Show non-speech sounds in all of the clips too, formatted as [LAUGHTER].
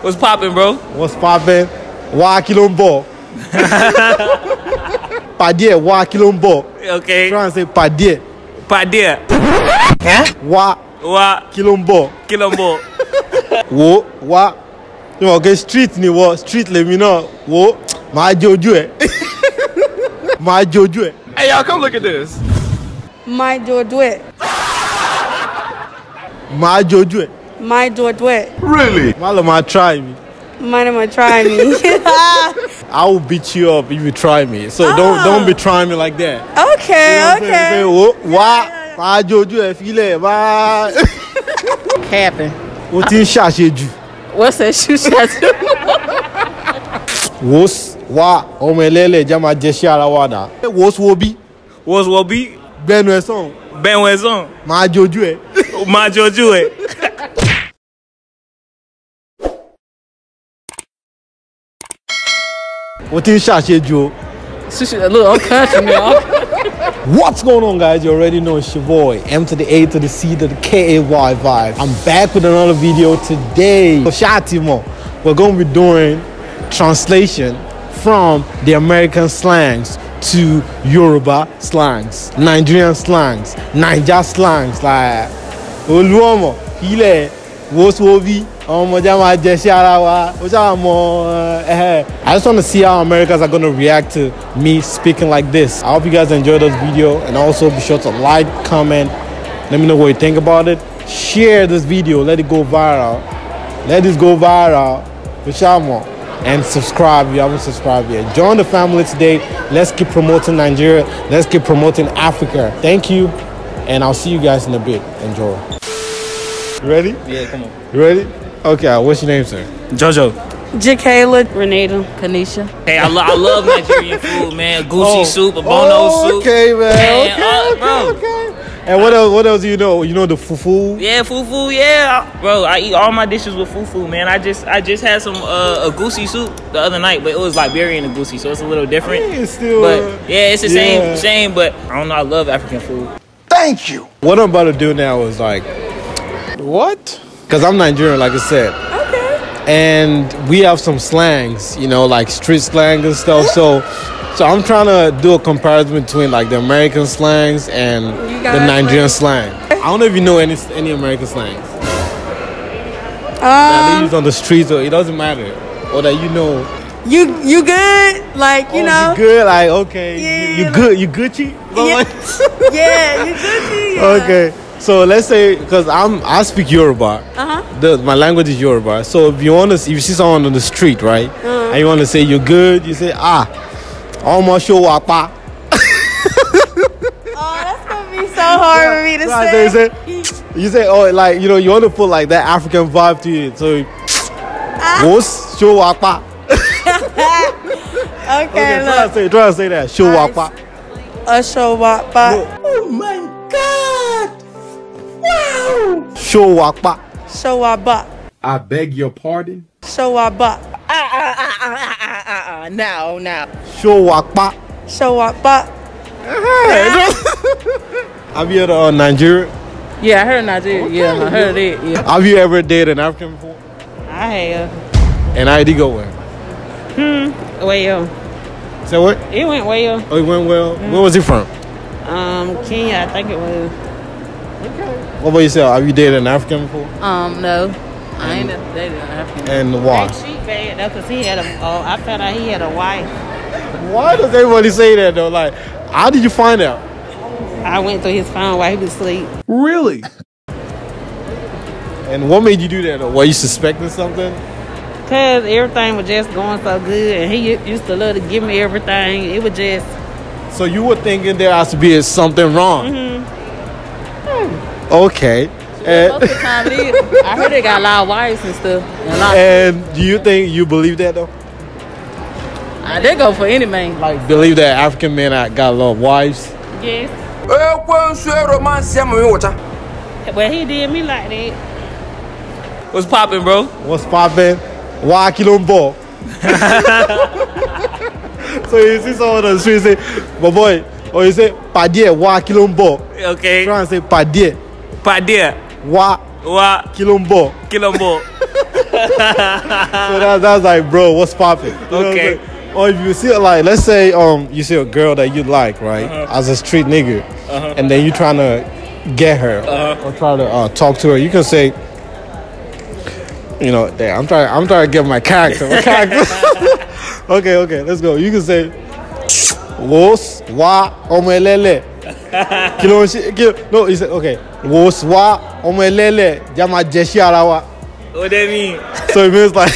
What's poppin', bro? What's poppin'? Wa kí ló ń bọ̀? [LAUGHS] Pàdé ẹ̀ Okay. Try and say Padie. Padie. Huh? Wa Wa Wá. Kí ló ń bọ̀? Kí ló ń bọ̀? [LAUGHS] street ni wo street Let me know. Wo jẹ Jojo eh. [LAUGHS] Máa Jojo eh. Hey y'all come look at this. My Jojo eh. ẹ̀. Jojo eh. My George Wet. Really? Malam, try me. Madam, try me. [LAUGHS] I will beat you up if you try me. So oh. don't don't be trying me like that. Okay, you know okay. Say, oh, why? Why Jojo ẹ filẹ̀ wá. Kẹ́ẹ̀pẹ̀. [LAUGHS] O ti ń ṣàṣejù. Wọ́n ṣe ṣú ṣàṣejù. Wòs wá ọmọ ẹlẹ́lẹ̀ já máa jẹ ara wa dà. Wòs wo bí? Wòs wo bí? Gbẹnu ẹ sàn. Gbẹnu ẹ sàn. Máa jojú ẹ. Máa jojú ẹ. [LAUGHS] mo look i'm catching me [LAUGHS] What's going on, guys? You already know it's your boy M to the A to the C to the K A Y vibe. I'm back with another video today. So shout We're going to be doing translation from the American slangs to Yoruba slangs, Nigerian slangs, Niger slangs like Oluomo, hile, Woswovi, Eh, eh. I just want to see how Americans are gonna react to me speaking like this. I hope you guys enjoyed this video and also be sure to like, comment, let me know what you think about it. Share this video, let it go viral. Let this go viral. Ó and subscribe if you haven't subscribed yet. Join the family today. Let's keep promoting Nigeria. Let's keep promoting Africa. Thank you, and I'll see you guys in a bit. Enjoy. You ready? Yeah, come on. You ready? Okay, uh, what's your name, sir? JoJo. Jacayla, Renata, Kanisha. Hey, I, lo- I love Nigerian food, man. Gucci oh. soup, a bono oh, soup. Okay, man. okay, uh, okay, bro. Okay. And what else? What else do you know? You know the fufu. Yeah, fufu. Yeah, bro. I eat all my dishes with fufu, man. I just I just had some uh, a goosey soup the other night, but it was Liberian and goosey, so it's a little different. I mean, it's still, but yeah, it's the yeah. same same. But I don't know. I love African food. Thank you. What I'm about to do now is like, what? because I'm Nigerian, like I said. Okay. And we have some slangs, you know, like street slang and stuff. so, so I'm trying to do a comparison between like the American slangs and the Nigerian like... slang. I don't know if you know any any American slangs um, that they um, use on the streets, or it doesn't matter, or that you know. You you good? Like you oh, know? You good? Like okay? Yeah, you, you like, good? You Gucci? Yeah, [LAUGHS] yeah you Gucci. [LAUGHS] Yeah. Okay. So let's say because I'm I speak Yoruba. Uh-huh. my language is Yoruba. So if you want to, if you see someone on the street, right, uh-huh. and you want to say you're good, you say ah, almost show wapa. Oh, that's gonna be so hard yeah. for me to say. say. You say, you say, oh, like you know, you want to put like that African vibe to it. So, ah. show wapa. [LAUGHS] [LAUGHS] okay, okay try to say, try to say that show wapa. A show wapa. Showapa. Showaba. I beg your pardon? Showaba. Ah, ah, ah, ah, ah, ah, ah. ah, ah. Now, now. Showapa. Showapa. [LAUGHS] Have you heard of uh, Nigeria? Yeah, I heard Nigeria. Okay, yeah, I heard it. Yeah. Have you ever dated an African before? I have. And I did go where? Hmm. Well. Say so what? It went well. Oh, it went well. Mm. Where was he from? Um, Kenya, I think it was. Okay. What about yourself? Have you dated an African before? Um, no. I ain't never dated an African. And why? And she bad though, cause he had a. Oh, I found out he had a wife. Why does everybody say that though? Like, how did you find out? I went through his phone while he was asleep. Really? And what made you do that? Or were you suspecting something? Cause everything was just going so good, and he used to love to give me everything. It was just. So you were thinking there has to be something wrong. Mm -hmm. Okay. And, uh, I heard they got a lot of wives and stuff. And, and do you think you believe that though? I, uh, they go for any man. Like believe that African men got a lot of wives. Yes. Well, he did me like that. What's popping, bro? What's popping? Why kilombo? [LAUGHS] so you see someone on the street say, "My boy," or you say, "Padie, why kilombo?" Okay. Try to say "Padie." Pak wa wa Kilombo. Kilombo. [LAUGHS] [LAUGHS] so that, that's like, bro, what's popping? You know okay. What or if you see like let's say um you see a girl that you like right uh-huh. as a street nigga uh-huh. and then you trying to get her uh-huh. or try to uh, talk to her you can say you know i'm trying i'm trying to get my character, my character. [LAUGHS] okay okay let's go you can say Wos wa omelele kí ló ń ṣe kí no he okay wò ó wá ọmọ ẹlẹ́lẹ̀ já máa jẹ ara wa. o de mi. so it means like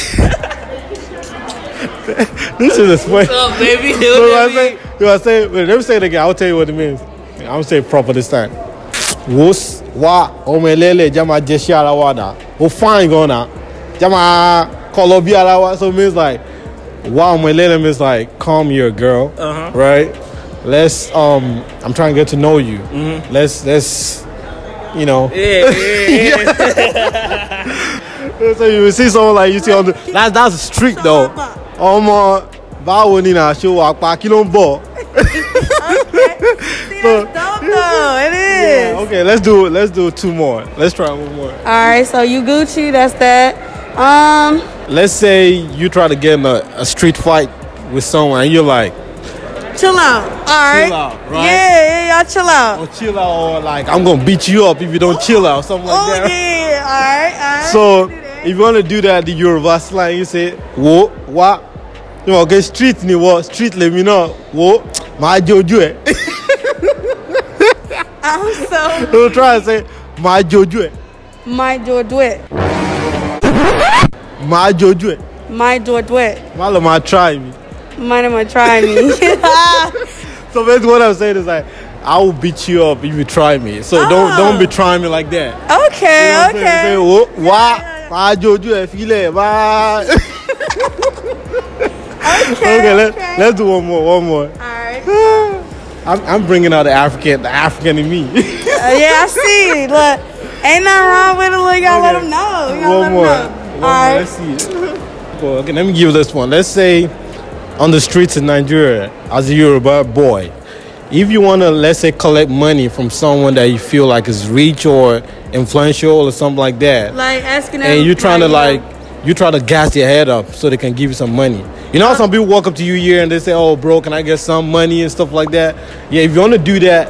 this is a spoil. what's up baby o de mi. I say you are saying wait let me say it again I will tell you what it means I will say it proper this time. wò ó wá ọmọ ẹlẹ́lẹ̀ já máa jẹ ara wa na o fine gan na já máa kọ lọ bí ara wa so it means like wá ọmọ ẹlẹ́lẹ̀ means like calm your girl uh-huh. right let's um i'm trying to get to know you mm-hmm. let's let's you know yeah, yeah, yeah. so [LAUGHS] you see someone like you see on the that, that's a street though Oh my, ni náà ṣe wà walk kí ló bọ̀. so, it is. okay, let's do let's do two more. Let's try one more. All right, so you Gucci, that's that. Um, let's say you try to get in a, a street fight with someone, and you're like, chill out. All right. Chill out, right? Yeah, yeah, y'all chill out. Or chill out, or like I'm gonna beat you up if you don't oh. chill out, something like oh, that. yeah, all right, all right. So if you wanna do that, the Yoruba slang, you say wo wa. You know, get street ni wo street let me know wo ma joju eh. [LAUGHS] I'm so. We'll [LAUGHS] try and say ma joju eh. Ma joju eh. [LAUGHS] Ma joju eh. My joju eh. Ma lo ma try me. Might as well try me. [LAUGHS] so that's what I'm saying is like, I will beat you up if you try me. So oh. don't don't be trying me like that. Okay, you know okay. Say, Whoa, why? Why Jojo I feel it? Why? Okay. okay let, okay. Let's do one more. One more. All right. [SIGHS] I'm, I'm bringing out the African, the African in me. uh, yeah, I see. [LAUGHS] Look, ain't nothing wrong with it. Look, y'all okay. let them know. Y'all one let more. Them know. One All more. Right. Let's see. It. Okay, let me give this one. Let's say on the streets in Nigeria as a Yoruba boy, if you want to, let's say, collect money from someone that you feel like is rich or influential or something like that, like asking, and you're trying to like you try to gas your head up so they can give you some money. You know how some people walk up to you here and they say, "Oh, bro, can I get some money and stuff like that?" Yeah, if you want to do that,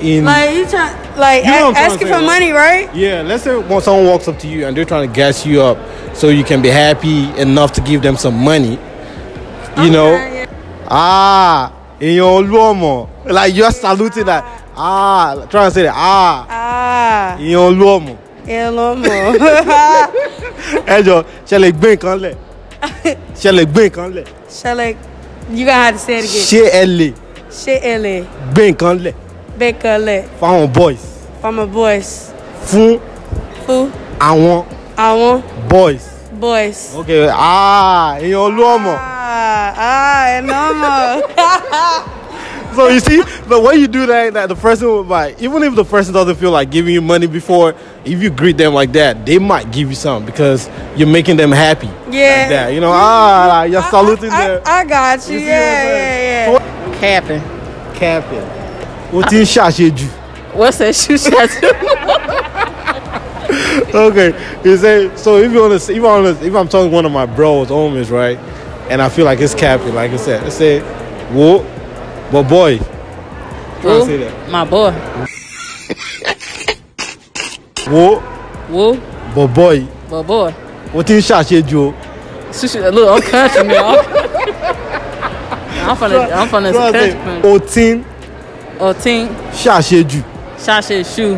in like you try, like you know a- asking for money, right? Yeah, let's say when someone walks up to you and they're trying to gas you up so you can be happy enough to give them some money. you know okay, yeah. ah èèyàn olúọmọ like you are saluting that ah try and say that ah, ah. èèyàn olúọmọ. èèyàn olúọmọ. [LAUGHS] ẹ jọ ṣẹlẹ gbé nǹkan lẹ ṣẹlẹ gbé nǹkan lẹ. ṣẹlẹ you gonna have to say it again. ṣé ẹ lè. ṣé ẹ lè. gbé nǹkan lẹ. gbé nǹkan lẹ. fáwọn boys. fáwọn boys. fún. fún. àwọn. àwọn. boys. boys. Okay. Ah, in Oluomo. Ah, ah, in Oluomo. [LAUGHS] so you see, but way you do that, that the person would like, even if the person doesn't feel like giving you money before, if you greet them like that, they might give you something because you're making them happy. Yeah. Like that. You know, ah, like you're I, saluting I, them. I, I got you. you yeah, yeah, yeah, yeah. Capping. Capping. What's in Shasheju? What's that shoe Shasheju? [LAUGHS] [LAUGHS] okay, you say so if you want to, if I'm if I'm talking to one of my bros, homies, right, and I feel like it's capping, like I said, I say, whoop, but boy, Woo, say that. my boy, whoop, whoop, but boy, but boy, what do you shot here, Joe? Look, I'm country man. I'm from [LAUGHS] I'm from the country man. Otin, Otin, 下些剧，下些书。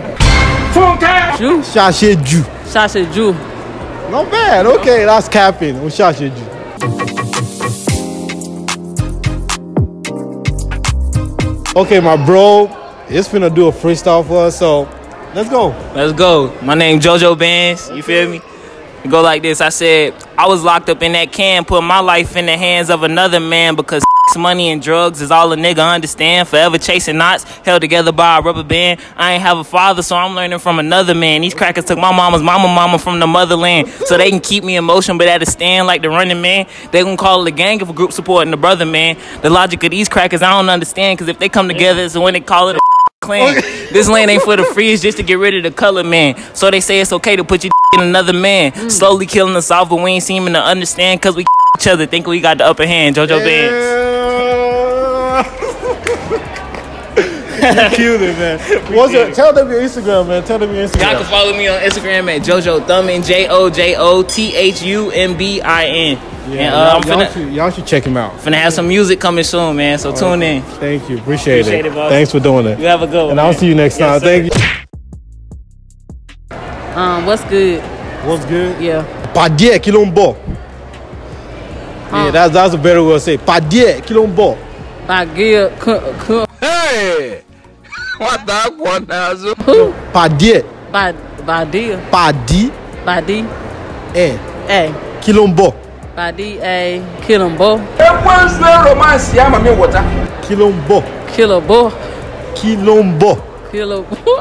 放开。Jew? Chercher Jew. Chercher Jew. Not bad. Okay, that's capping. We chercher Jew. Okay, my bro, it's finna do a freestyle for us, so let's go. Let's go. My name Jojo Benz, you feel me? You go like this. I said, I was locked up in that can, put my life in the hands of another man because Money and drugs is all a nigga understand. Forever chasing knots, held together by a rubber band. I ain't have a father, so I'm learning from another man. These crackers took my mama's mama mama from the motherland. So they can keep me in motion, but at a stand like the running man. They gon' call it a gang of a group supporting the brother, man. The logic of these crackers, I don't understand, cause if they come together, it's when they call it a [LAUGHS] clan. This land ain't for the free, it's just to get rid of the color man. So they say it's okay to put you [LAUGHS] in another man. Slowly killing us off, but we ain't seeming to understand, cause we [LAUGHS] each other think we got the upper hand, JoJo yeah. Bands. you [LAUGHS] man. What's your, tell them your Instagram, man. Tell them your Instagram. Y'all can follow me on Instagram at Jojo Thumbin, J O J O T H U M B I N. Yeah, and, uh, y'all, finna, should, y'all, should, check him out. Finna have some music coming soon, man. So All tune right. in. Thank you. Appreciate, Appreciate it. it Thanks for doing it. You have a good one. And man. I'll see you next yes, time. Sir. Thank you. Um, what's good? What's good? Yeah. Padie Kilombo. Um. Yeah, that's that's a better way to say. Padie Kilombo. Padie Hey. nwata akwọ n'azụ padie padie padi e. padi ẹ ẹ kí ló ń bọ̀. padi ẹ kí ló ń bọ̀. epo ń sún romance yá màmí wọ̀tá. kí ló ń bọ̀. kí ló bọ̀. kí ló ń bọ̀. kí ló bọ̀.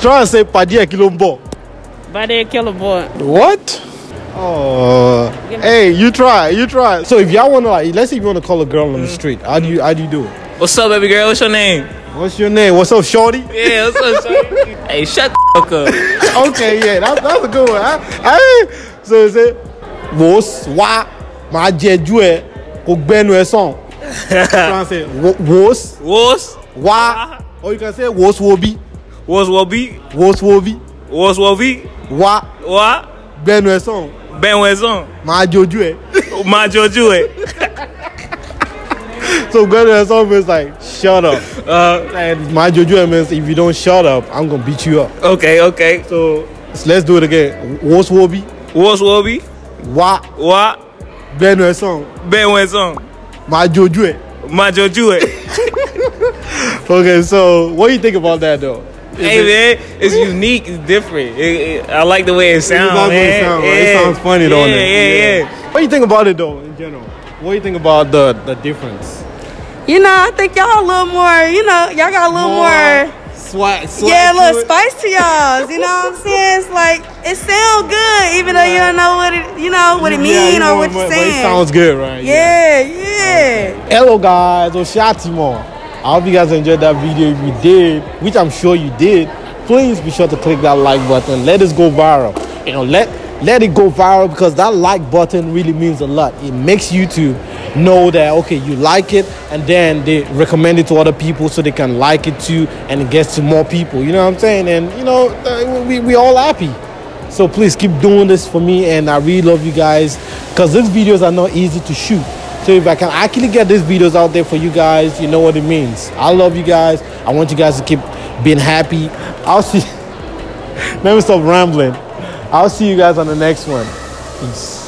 try and say padi ẹ kí ló ń bọ̀. padi ẹ kí ló bọ̀. what. Oh, hey, you try, you try. So if y'all wanna like, let's say you wanna call a girl on the mm. street, how do you how do you do it? What's up, baby girl? What's your name? What's your name? What's up, shorty? Yeah, what's up, shorty? [LAUGHS] hey, shut the fuck up. [LAUGHS] okay, yeah, that's that's a good one. I, so is it? Wos wa ma jeju e ko gbenu e son. Translate. Wos. Wos. Wa. Or you can say wos wobi. Wos wobi. Wos wobi. Wos wobi. Wa. Wa. ben e son. Benwezon. Máa jojú ẹ. [LAUGHS] Máa JoJo. ẹ. So Benwezon always like shut up. Uh, and máa JoJo means if you don't shut up, I'm gonna beat you up. Okay, okay. So, so let's do it again. What's Wobi? What's Wobi? Wá. Wá. Ben Benwezon. Máa jojú ẹ. Máa jojú ẹ. Okay, so what do you think about that though? hey man, it's unique. It's different. It, it, I like the way it sounds. man. It, sound, right? it sounds funny though. Yeah, yeah, yeah. What do you think about it though, in general? What do you think about the the difference? You know, I think y'all a little more. You know, y'all got a little more. more yeah, a little spice to y'all. You know what I'm saying? It's like it sounds good, even though you don't know what it, you know what it means or what, you're saying. It sounds good, right? Yeah, yeah. yeah. Okay. Hello, guys. Oshati more. I hope you guys enjoyed that video. If you did, which I'm sure you did, please be sure to click that like button. Let us go viral. You know, let let it go viral because that like button really means a lot. It makes YouTube know that okay, you like it, and then they recommend it to other people so they can like it too, and it gets to more people. You know what I'm saying? And you know, uh, we we all happy. So please keep doing this for me, and I really love you guys because these videos are not easy to shoot. So if I can actually get these videos out there for you guys, you know what it means. I love you guys. I want you guys to keep being happy. I'll see. Never [LAUGHS] stop rambling. I'll see you guys on the next one. Peace.